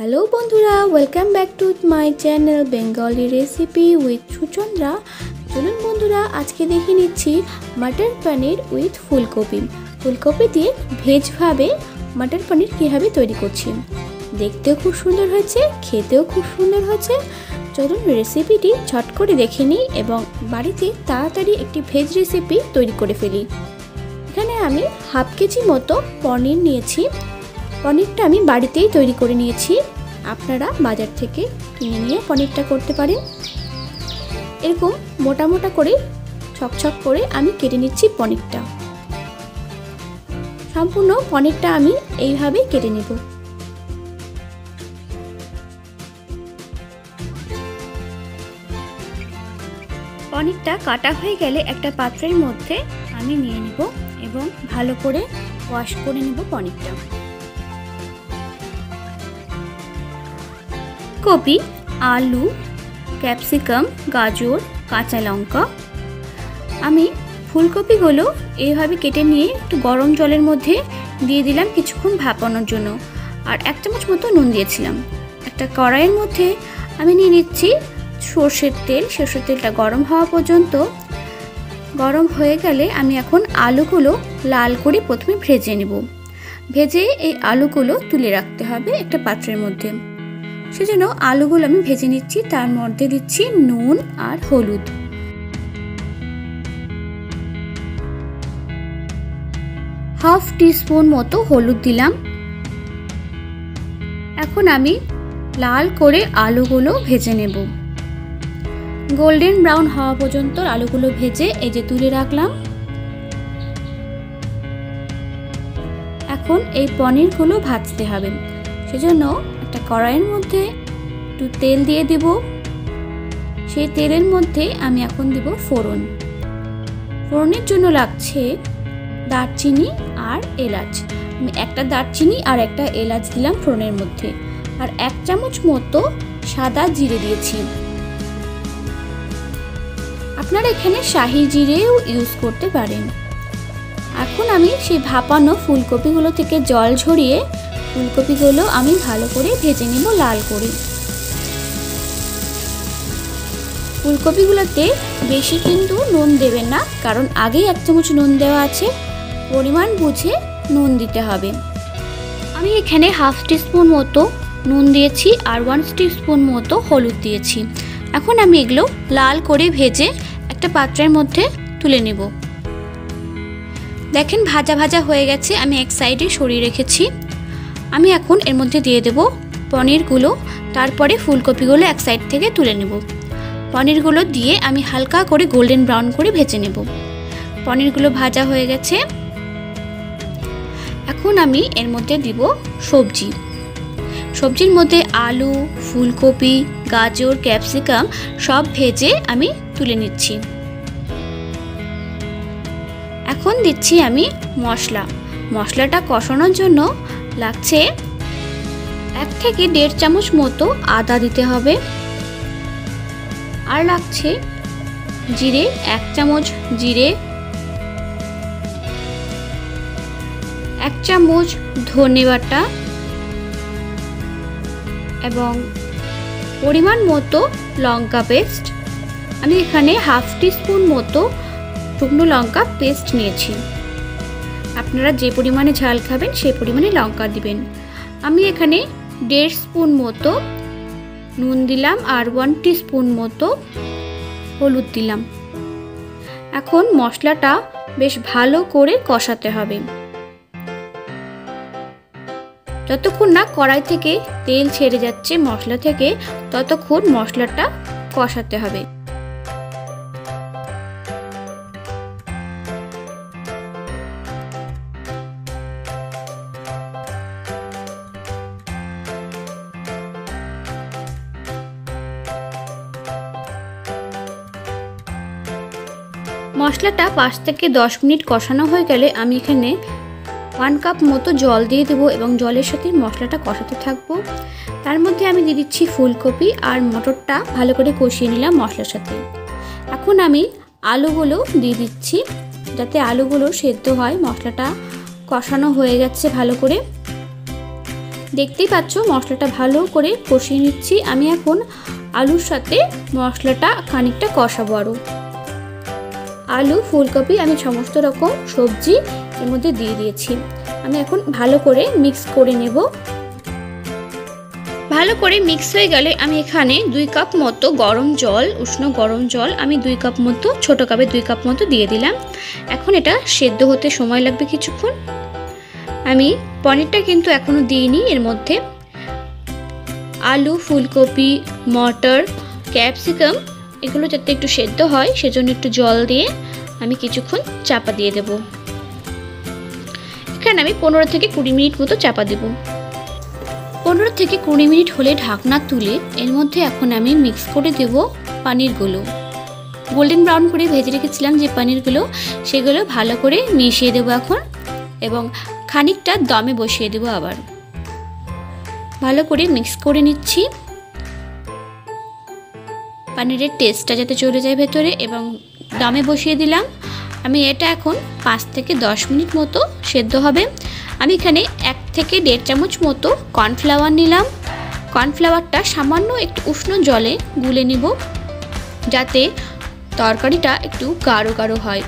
hello বন্ধুরা welcome back to my channel Bengali recipe with Suchandra চলুন বন্ধুরা আজকে দেখে নিচ্ছি মাটন পানির উইথ ফুলকপি ফুলকপি দিয়ে ভেজভাবে মাটন পানির কীভাবে তৈরি করছি দেখতেও খুব সুন্দর হয়েছে খেতেও খুব সুন্দর হয়েছে চলুন রেসিপিটি ছট করে দেখে নিই এবং বাড়িতে তাড়াতাড়ি একটি ভেজ রেসিপি তৈরি করে ফেলি এখানে আমি হাফ কেজি মতো পনির নিয়েছি পনিরটা আমি বাড়িতেই তৈরি করে নিয়েছি আপনারা বাজার থেকে কিনে নিয়ে পনিরটা করতে পারেন এরকম মোটা মোটা করে ছকছক করে আমি কেটে নিচ্ছি পনিরটা সম্পূর্ণ পনিরটা আমি এইভাবেই কেটে নেব পনিরটা কাটা হয়ে গেলে একটা পাত্রের মধ্যে আমি নিয়ে নিব এবং ভালো করে ওয়াশ করে নেব পনিরটা ফুলকপি আলু ক্যাপসিকাম গাজর কাঁচা লঙ্কা আমি ফুলকপিগুলো এইভাবে কেটে নিয়ে একটু গরম জলের মধ্যে দিয়ে দিলাম কিছুক্ষণ ভাপানোর জন্য আর এক চামচ মতো নুন দিয়েছিলাম একটা কড়াইয়ের মধ্যে আমি নিয়ে নিচ্ছি সর্ষের তেল সর্ষের তেলটা গরম হওয়া পর্যন্ত গরম হয়ে গেলে আমি এখন আলুগুলো লাল করে প্রথমে ভেজে নেব ভেজে এই আলুগুলো তুলে রাখতে হবে একটা পাত্রের মধ্যে সেজন্য আলুগুলো আমি ভেজে নিচ্ছি তার মধ্যে দিচ্ছি নুন আর হলুদ হাফ টিস্পুন মতো হলুদ দিলাম এখন আমি লাল করে আলুগুলো ভেজে নেব গোল্ডেন ব্রাউন হওয়া পর্যন্ত আলুগুলো ভেজে এই যে তুলে রাখলাম এখন এই পনিরগুলো ভাজতে হবে সেজন্য কড়াইয়ের মধ্যে একটু তেল দিয়ে দেব সেই তেলের মধ্যে আমি এখন দেব ফোড়ন ফোড়নের জন্য লাগছে দারচিনি আর এলাচ আমি একটা দারচিনি আর একটা এলাচ দিলাম ফোড়নের মধ্যে আর এক চামচ মতো সাদা জিরে দিয়েছি আপনারা এখানে শাহি জিরেও ইউজ করতে পারেন এখন আমি সেই ভাপানো ফুলকপিগুলো থেকে জল ঝরিয়ে ফুলকপিগুলো আমি ভালো করে ভেজে নেব লাল করে ফুলকপিগুলোতে বেশি কিন্তু নুন দেবেন না কারণ আগেই এক চামচ নুন দেওয়া আছে পরিমাণ বুঝে নুন দিতে হবে আমি এখানে হাফ স্পুন মতো নুন দিয়েছি আর ওয়ান স্পুন মতো হলুদ দিয়েছি এখন আমি এগুলো লাল করে ভেজে একটা পাত্রের মধ্যে তুলে নেব দেখেন ভাজা ভাজা হয়ে গেছে আমি এক সাইডে সরিয়ে রেখেছি আমি এখন এর মধ্যে দিয়ে দেব পনিরগুলো তারপরে ফুলকপিগুলো এক সাইড থেকে তুলে নেব পনিরগুলো দিয়ে আমি হালকা করে গোল্ডেন ব্রাউন করে ভেজে নেব পনিরগুলো ভাজা হয়ে গেছে এখন আমি এর মধ্যে দিব সবজি সবজির মধ্যে আলু ফুলকপি গাজর ক্যাপসিকাম সব ভেজে আমি তুলে নিচ্ছি এখন দিচ্ছি আমি মশলা মশলাটা কষানোর জন্য লাগছে এক থেকে দেড় চামচ মতো আদা দিতে হবে আর লাগছে জিরে এক চামচ জিরে এক চামচ ধনে বাটা এবং পরিমাণ মতো লঙ্কা পেস্ট আমি এখানে হাফ টিস্পুন মতো শুকনো লঙ্কা পেস্ট নিয়েছি আপনারা যে পরিমাণে ঝাল খাবেন সেই পরিমাণে লঙ্কা দিবেন আমি এখানে দেড় স্পুন মতো নুন দিলাম আর ওয়ান স্পুন মতো হলুদ দিলাম এখন মশলাটা বেশ ভালো করে কষাতে হবে যতক্ষণ না কড়াই থেকে তেল ছেড়ে যাচ্ছে মশলা থেকে ততক্ষণ মশলাটা কষাতে হবে মশলাটা পাঁচ থেকে দশ মিনিট কষানো হয়ে গেলে আমি এখানে ওয়ান কাপ মতো জল দিয়ে দেবো এবং জলের সাথে মশলাটা কষাতে থাকবো তার মধ্যে আমি দিয়ে দিচ্ছি ফুলকপি আর মটরটা ভালো করে কষিয়ে নিলাম মশলার সাথে এখন আমি আলুগুলো দিয়ে দিচ্ছি যাতে আলুগুলো সেদ্ধ হয় মশলাটা কষানো হয়ে গেছে ভালো করে দেখতেই পাচ্ছ মশলাটা ভালো করে কষিয়ে নিচ্ছি আমি এখন আলুর সাথে মশলাটা খানিকটা কষাবো আরও আলু ফুলকপি আমি সমস্ত রকম সবজি এর মধ্যে দিয়ে দিয়েছি আমি এখন ভালো করে মিক্স করে নেব ভালো করে মিক্স হয়ে গেলে আমি এখানে দুই কাপ মতো গরম জল উষ্ণ গরম জল আমি দুই কাপ মতো ছোটো কাপে দুই কাপ মতো দিয়ে দিলাম এখন এটা সেদ্ধ হতে সময় লাগবে কিছুক্ষণ আমি পনিরটা কিন্তু এখনও দিইনি এর মধ্যে আলু ফুলকপি মটর ক্যাপসিকাম এগুলো যাতে একটু সেদ্ধ হয় সেজন্য একটু জল দিয়ে আমি কিছুক্ষণ চাপা দিয়ে দেব এখানে আমি পনেরো থেকে কুড়ি মিনিট মতো চাপা দেব পনেরো থেকে কুড়ি মিনিট হলে ঢাকনা তুলে এর মধ্যে এখন আমি মিক্স করে দেব পানিরগুলো গোল্ডেন ব্রাউন করে ভেজে রেখেছিলাম যে পানিরগুলো সেগুলো ভালো করে মিশিয়ে দেবো এখন এবং খানিকটা দমে বসিয়ে দেবো আবার ভালো করে মিক্স করে নিচ্ছি পানিরের টেস্টটা যাতে চলে যায় ভেতরে এবং দমে বসিয়ে দিলাম আমি এটা এখন পাঁচ থেকে দশ মিনিট মতো সেদ্ধ হবে আমি এখানে এক থেকে দেড় চামচ মতো কর্নফ্লাওয়ার নিলাম কর্নফ্লাওয়ারটা সামান্য একটু উষ্ণ জলে গুলে নিব যাতে তরকারিটা একটু গাঢ় গাঢ় হয়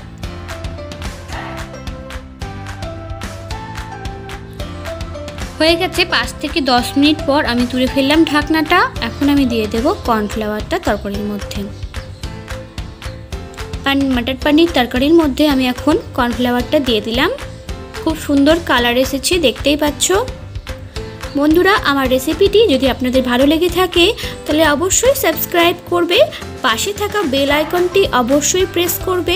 হয়ে গেছে পাঁচ থেকে দশ মিনিট পর আমি তুলে ফেললাম ঢাকনাটা এখন আমি দিয়ে দেব কর্নফ্লাওয়ারটা তরকারির মধ্যে মাটার পানির তরকারির মধ্যে আমি এখন কর্নফ্লাওয়ারটা দিয়ে দিলাম খুব সুন্দর কালার এসেছে দেখতেই পাচ্ছ বন্ধুরা আমার রেসিপিটি যদি আপনাদের ভালো লেগে থাকে তাহলে অবশ্যই সাবস্ক্রাইব করবে পাশে থাকা বেল আইকনটি অবশ্যই প্রেস করবে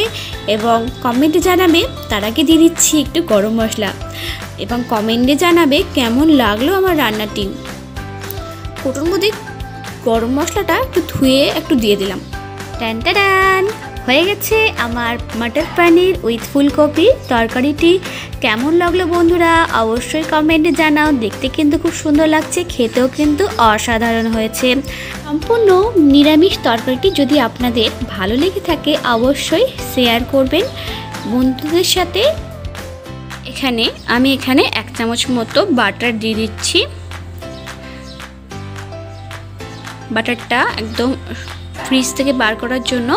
এবং কমেন্টে জানাবে তার আগে দিয়ে দিচ্ছি একটু গরম মশলা এবং কমেন্টে জানাবে কেমন লাগলো আমার রান্নাটি কুটুর মধ্যে গরম মশলাটা একটু ধুয়ে একটু দিয়ে দিলাম ট্যান ট্যান হয়ে গেছে আমার মাটার পানির উইথ ফুলকপি তরকারিটি কেমন লাগলো বন্ধুরা অবশ্যই কমেন্টে জানাও দেখতে কিন্তু খুব সুন্দর লাগছে খেতেও কিন্তু অসাধারণ হয়েছে সম্পূর্ণ নিরামিষ তরকারিটি যদি আপনাদের ভালো লেগে থাকে অবশ্যই শেয়ার করবেন বন্ধুদের সাথে এখানে আমি এখানে এক চামচ মতো বাটার দিয়ে দিচ্ছি বাটারটা একদম ফ্রিজ থেকে বার করার জন্য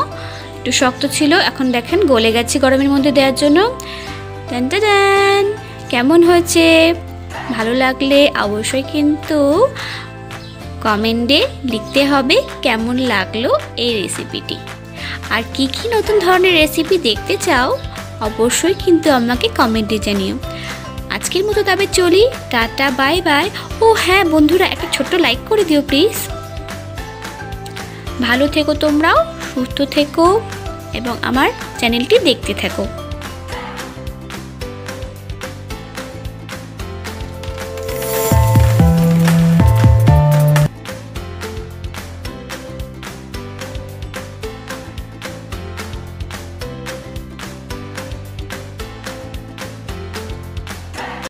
একটু শক্ত ছিল এখন দেখেন গলে গেছে গরমের মধ্যে দেওয়ার জন্য ড্যান দেন কেমন হয়েছে ভালো লাগলে অবশ্যই কিন্তু কমেন্টে লিখতে হবে কেমন লাগলো এই রেসিপিটি আর কি কি নতুন ধরনের রেসিপি দেখতে চাও অবশ্যই কিন্তু আমাকে কমেন্টে জানিও আজকের মতো তবে চলি টাটা বাই বাই ও হ্যাঁ বন্ধুরা একটা ছোট্ট লাইক করে দিও প্লিজ ভালো থেকো তোমরাও সুস্থ থেকো এবং আমার চ্যানেলটি দেখতে থাকো